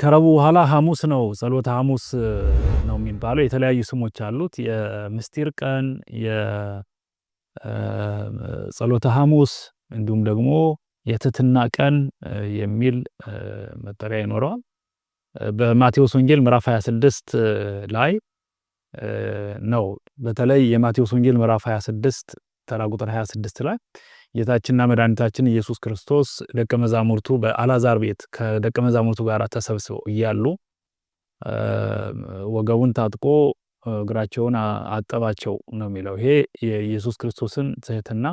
ከረቡ በኋላ ሐሙስ ነው፣ ጸሎተ ሐሙስ ነው የሚባለው። የተለያዩ ስሞች አሉት። የምስጢር ቀን፣ የጸሎተ ሐሙስ እንዲሁም ደግሞ የትትና ቀን የሚል መጠሪያ ይኖረዋል። በማቴዎስ ወንጌል ምዕራፍ 26 ላይ ነው። በተለይ የማቴዎስ ወንጌል ምዕራፍ 26 ተራ ቁጥር 26 ላይ ጌታችንና መድኃኒታችን ኢየሱስ ክርስቶስ ደቀ መዛሙርቱ በአላዛር ቤት ከደቀ መዛሙርቱ ጋር ተሰብስበው እያሉ ወገቡን ታጥቆ እግራቸውን አጠባቸው ነው የሚለው። ይሄ የኢየሱስ ክርስቶስን ትህትና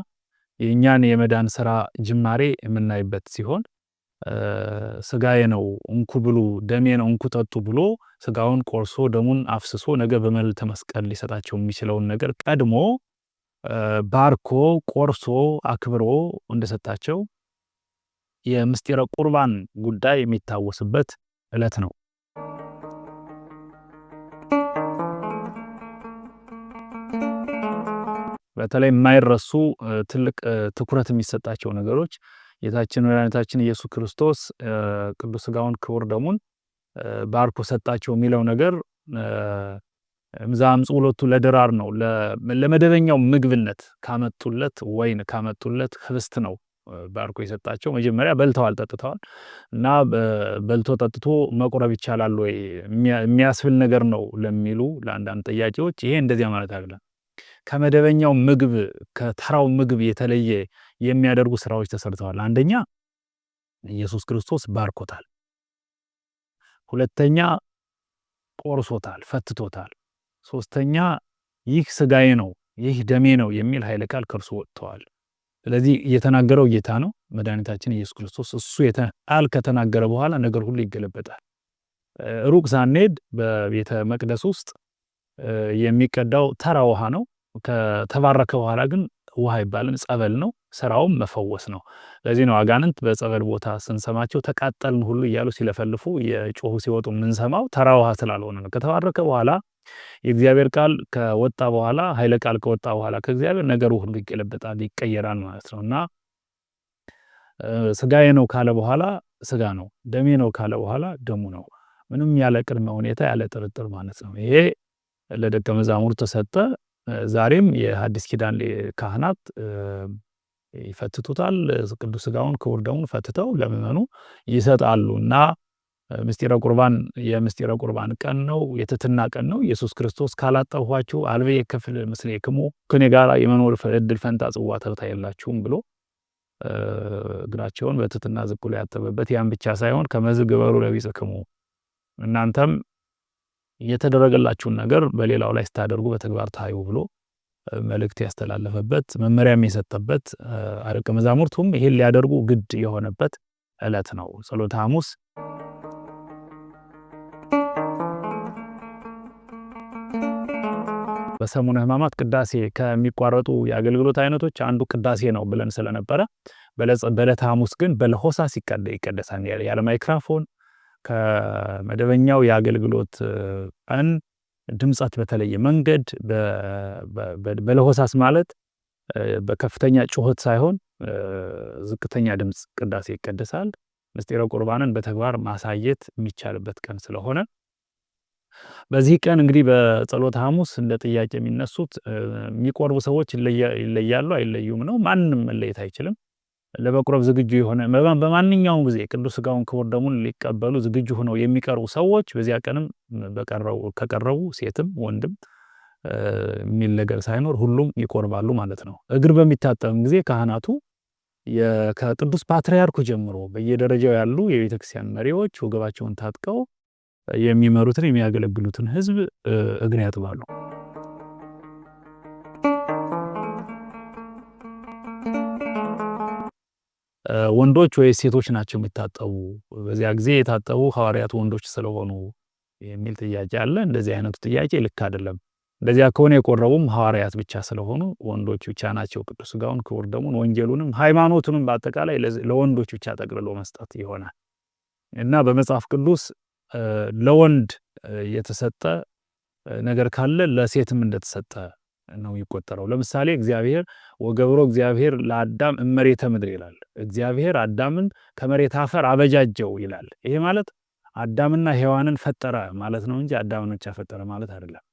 የእኛን የመዳን ስራ ጅማሬ የምናይበት ሲሆን ስጋዬ ነው እንኩ ብሉ፣ ደሜ ነው እንኩ ጠጡ ብሎ ስጋውን ቆርሶ ደሙን አፍስሶ ነገ በመልዕልተ መስቀል ሊሰጣቸው የሚችለውን ነገር ቀድሞ ባርኮ ቆርሶ አክብሮ እንደሰጣቸው የምስጢረ ቁርባን ጉዳይ የሚታወስበት ዕለት ነው። በተለይ የማይረሱ ትልቅ ትኩረት የሚሰጣቸው ነገሮች ጌታችን መድኃኒታችን ኢየሱስ ክርስቶስ ቅዱስ ሥጋውን ክቡር ደሙን ባርኮ ሰጣቸው የሚለው ነገር ምዛምፅ ሁለቱ ለድራር ነው። ለመደበኛው ምግብነት ካመጡለት ወይን ካመጡለት ህብስት ነው ባርኮ የሰጣቸው። መጀመሪያ በልተዋል፣ ጠጥተዋል እና በልቶ ጠጥቶ መቁረብ ይቻላል ወይ የሚያስብል ነገር ነው ለሚሉ ለአንዳንድ ጥያቄዎች ይሄ እንደዚያ ማለት አይደለም። ከመደበኛው ምግብ ከተራው ምግብ የተለየ የሚያደርጉ ስራዎች ተሰርተዋል። አንደኛ ኢየሱስ ክርስቶስ ባርኮታል። ሁለተኛ ቆርሶታል፣ ፈትቶታል። ሶስተኛ ይህ ስጋዬ ነው ይህ ደሜ ነው የሚል ኃይለ ቃል ከእርሱ ወጥተዋል። ስለዚህ የተናገረው ጌታ ነው መድኃኒታችን ኢየሱስ ክርስቶስ። እሱ ቃል ከተናገረ በኋላ ነገር ሁሉ ይገለበጣል። ሩቅ ሳንሄድ በቤተ መቅደስ ውስጥ የሚቀዳው ተራ ውሃ ነው። ከተባረከ በኋላ ግን ውሃ ይባልን ጸበል ነው። ስራውም መፈወስ ነው። ለዚህ ነው አጋንንት በጸበል ቦታ ስንሰማቸው ተቃጠልን ሁሉ እያሉ ሲለፈልፉ የጮሁ ሲወጡ የምንሰማው ተራ ውሃ ስላልሆነ ነው። ከተባረከ በኋላ የእግዚአብሔር ቃል ከወጣ በኋላ ኃይለ ቃል ከወጣ በኋላ ከእግዚአብሔር ነገሩ ሁሉ ይገለበጣል፣ ይቀየራል ማለት ነው እና ስጋዬ ነው ካለ በኋላ ስጋ ነው፣ ደሜ ነው ካለ በኋላ ደሙ ነው። ምንም ያለ ቅድመ ሁኔታ ያለ ጥርጥር ማለት ነው። ይሄ ለደቀ መዛሙር ተሰጠ። ዛሬም የሐዲስ ኪዳን ካህናት ይፈትቱታል። ቅዱስ ስጋውን ክቡር ደሙን ፈትተው ለምመኑ ይሰጣሉ እና ምስጢረ ቁርባን የምስጢረ ቁርባን ቀን ነው። የትትና ቀን ነው። ኢየሱስ ክርስቶስ ካላጠኋችሁ አልቤ የክፍል ምስሌ ክሙ ከኔ ጋር የመኖር እድል ፈንታ ጽዋ ተርታ የላችሁም ብሎ እግራቸውን በትትና ዝቁ ላይ ያጠበበት ያን ብቻ ሳይሆን ከመዝብ ግበሩ ለቢጽ ክሙ እናንተም የተደረገላችሁን ነገር በሌላው ላይ ስታደርጉ በተግባር ታዩ ብሎ መልእክት ያስተላለፈበት መመሪያም የሰጠበት ደቀ መዛሙርቱም ይሄን ሊያደርጉ ግድ የሆነበት ዕለት ነው። ጸሎተ ሐሙስ በሰሙነ ሕማማት ቅዳሴ ከሚቋረጡ የአገልግሎት አይነቶች አንዱ ቅዳሴ ነው ብለን ስለነበረ በዕለተ ሐሙስ ግን በለሆሳስ ይቀደሳል። ያለ ማይክራፎን ከመደበኛው የአገልግሎት ቀን ድምጸት በተለየ መንገድ በለሆሳስ ማለት በከፍተኛ ጩኸት ሳይሆን ዝቅተኛ ድምፅ ቅዳሴ ይቀደሳል። ምስጢረ ቁርባንን በተግባር ማሳየት የሚቻልበት ቀን ስለሆነ በዚህ ቀን እንግዲህ በጸሎት ሐሙስ እንደ ጥያቄ የሚነሱት የሚቆርቡ ሰዎች ይለያሉ አይለዩም ነው። ማንም መለየት አይችልም። ለመቁረብ ዝግጁ የሆነ በማንኛውም ጊዜ ቅዱስ ስጋውን ክቡር ደሙን ሊቀበሉ ዝግጁ ሆነው የሚቀርቡ ሰዎች በዚያ ቀንም ከቀረቡ ሴትም ወንድም የሚል ነገር ሳይኖር ሁሉም ይቆርባሉ ማለት ነው። እግር በሚታጠብም ጊዜ ካህናቱ ከቅዱስ ፓትርያርኩ ጀምሮ በየደረጃው ያሉ የቤተክርስቲያን መሪዎች ወገባቸውን ታጥቀው የሚመሩትን የሚያገለግሉትን ህዝብ እግር ያጥባሉ። ወንዶች ወይ ሴቶች ናቸው የሚታጠቡ? በዚያ ጊዜ የታጠቡ ሐዋርያት ወንዶች ስለሆኑ የሚል ጥያቄ አለ። እንደዚህ አይነቱ ጥያቄ ልክ አይደለም። እንደዚያ ከሆነ የቆረቡም ሐዋርያት ብቻ ስለሆኑ ወንዶች ብቻ ናቸው ቅዱስ ሥጋውን ክቡር ደሙን ወንጌሉንም ሃይማኖቱንም በአጠቃላይ ለወንዶች ብቻ ጠቅልሎ መስጠት ይሆናል እና በመጽሐፍ ቅዱስ ለወንድ የተሰጠ ነገር ካለ ለሴትም እንደተሰጠ ነው የሚቆጠረው። ለምሳሌ እግዚአብሔር ወገብሮ እግዚአብሔር ለአዳም እመሬተ ምድር ይላል። እግዚአብሔር አዳምን ከመሬት አፈር አበጃጀው ይላል። ይሄ ማለት አዳምና ሔዋንን ፈጠረ ማለት ነው እንጂ አዳምን ብቻ ፈጠረ ማለት አይደለም።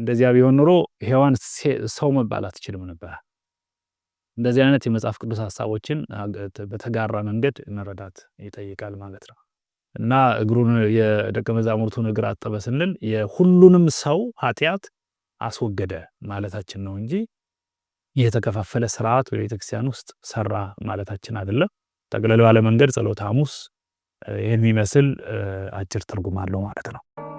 እንደዚያ ቢሆን ኑሮ ሔዋን ሰው መባል አትችልም ነበር። እንደዚህ አይነት የመጽሐፍ ቅዱስ ሀሳቦችን በተጋራ መንገድ መረዳት ይጠይቃል ማለት ነው። እና እግሩን የደቀ መዛሙርቱን እግር አጠበ ስንል የሁሉንም ሰው ኃጢአት አስወገደ ማለታችን ነው እንጂ የተከፋፈለ ስርዓት በቤተክርስቲያን ቤተክርስቲያን ውስጥ ሰራ ማለታችን አይደለም። ጠቅለል ባለ መንገድ ጸሎተ ሐሙስ ይህን የሚመስል አጭር ትርጉም አለው ማለት ነው።